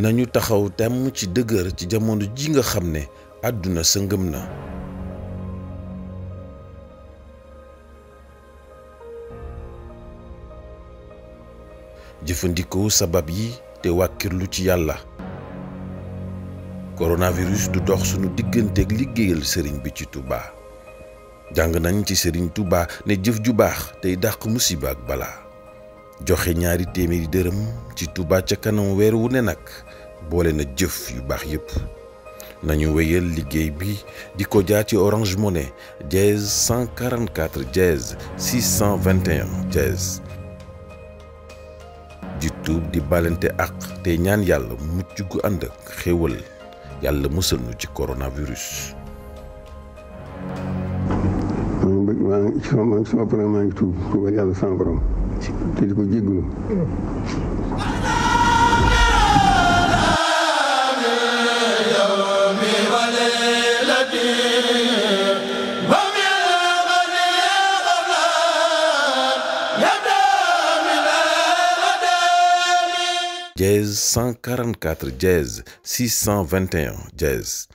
nañu taxaw temm ci dëgër ci jamono ji nga xam ne àdduna sëngam na jëfandikoo sabab yi te wàkkirlu ci yàlla coronavirus du dox sunu digganteeg liggéeyal sëriñ bi ci Touba jàng nañ ci sëriñ Touba ne jëf ju baax tey dàq musiba ak balaa joxe ñaari téeméeri dërëm ci Touba ca kanam weer wu ne nag boole na jëf yu baax yépp nañu wéyal liggéey bi di ko jaar ci orange money dièse 144 dièse 621 dièse di tuub di balante ak te ñaan yàlla mucc gu ànd ak yàlla musal nu ci coronavirus. maa te di ko jégalu. cent dièse 144 dièse 621 dièse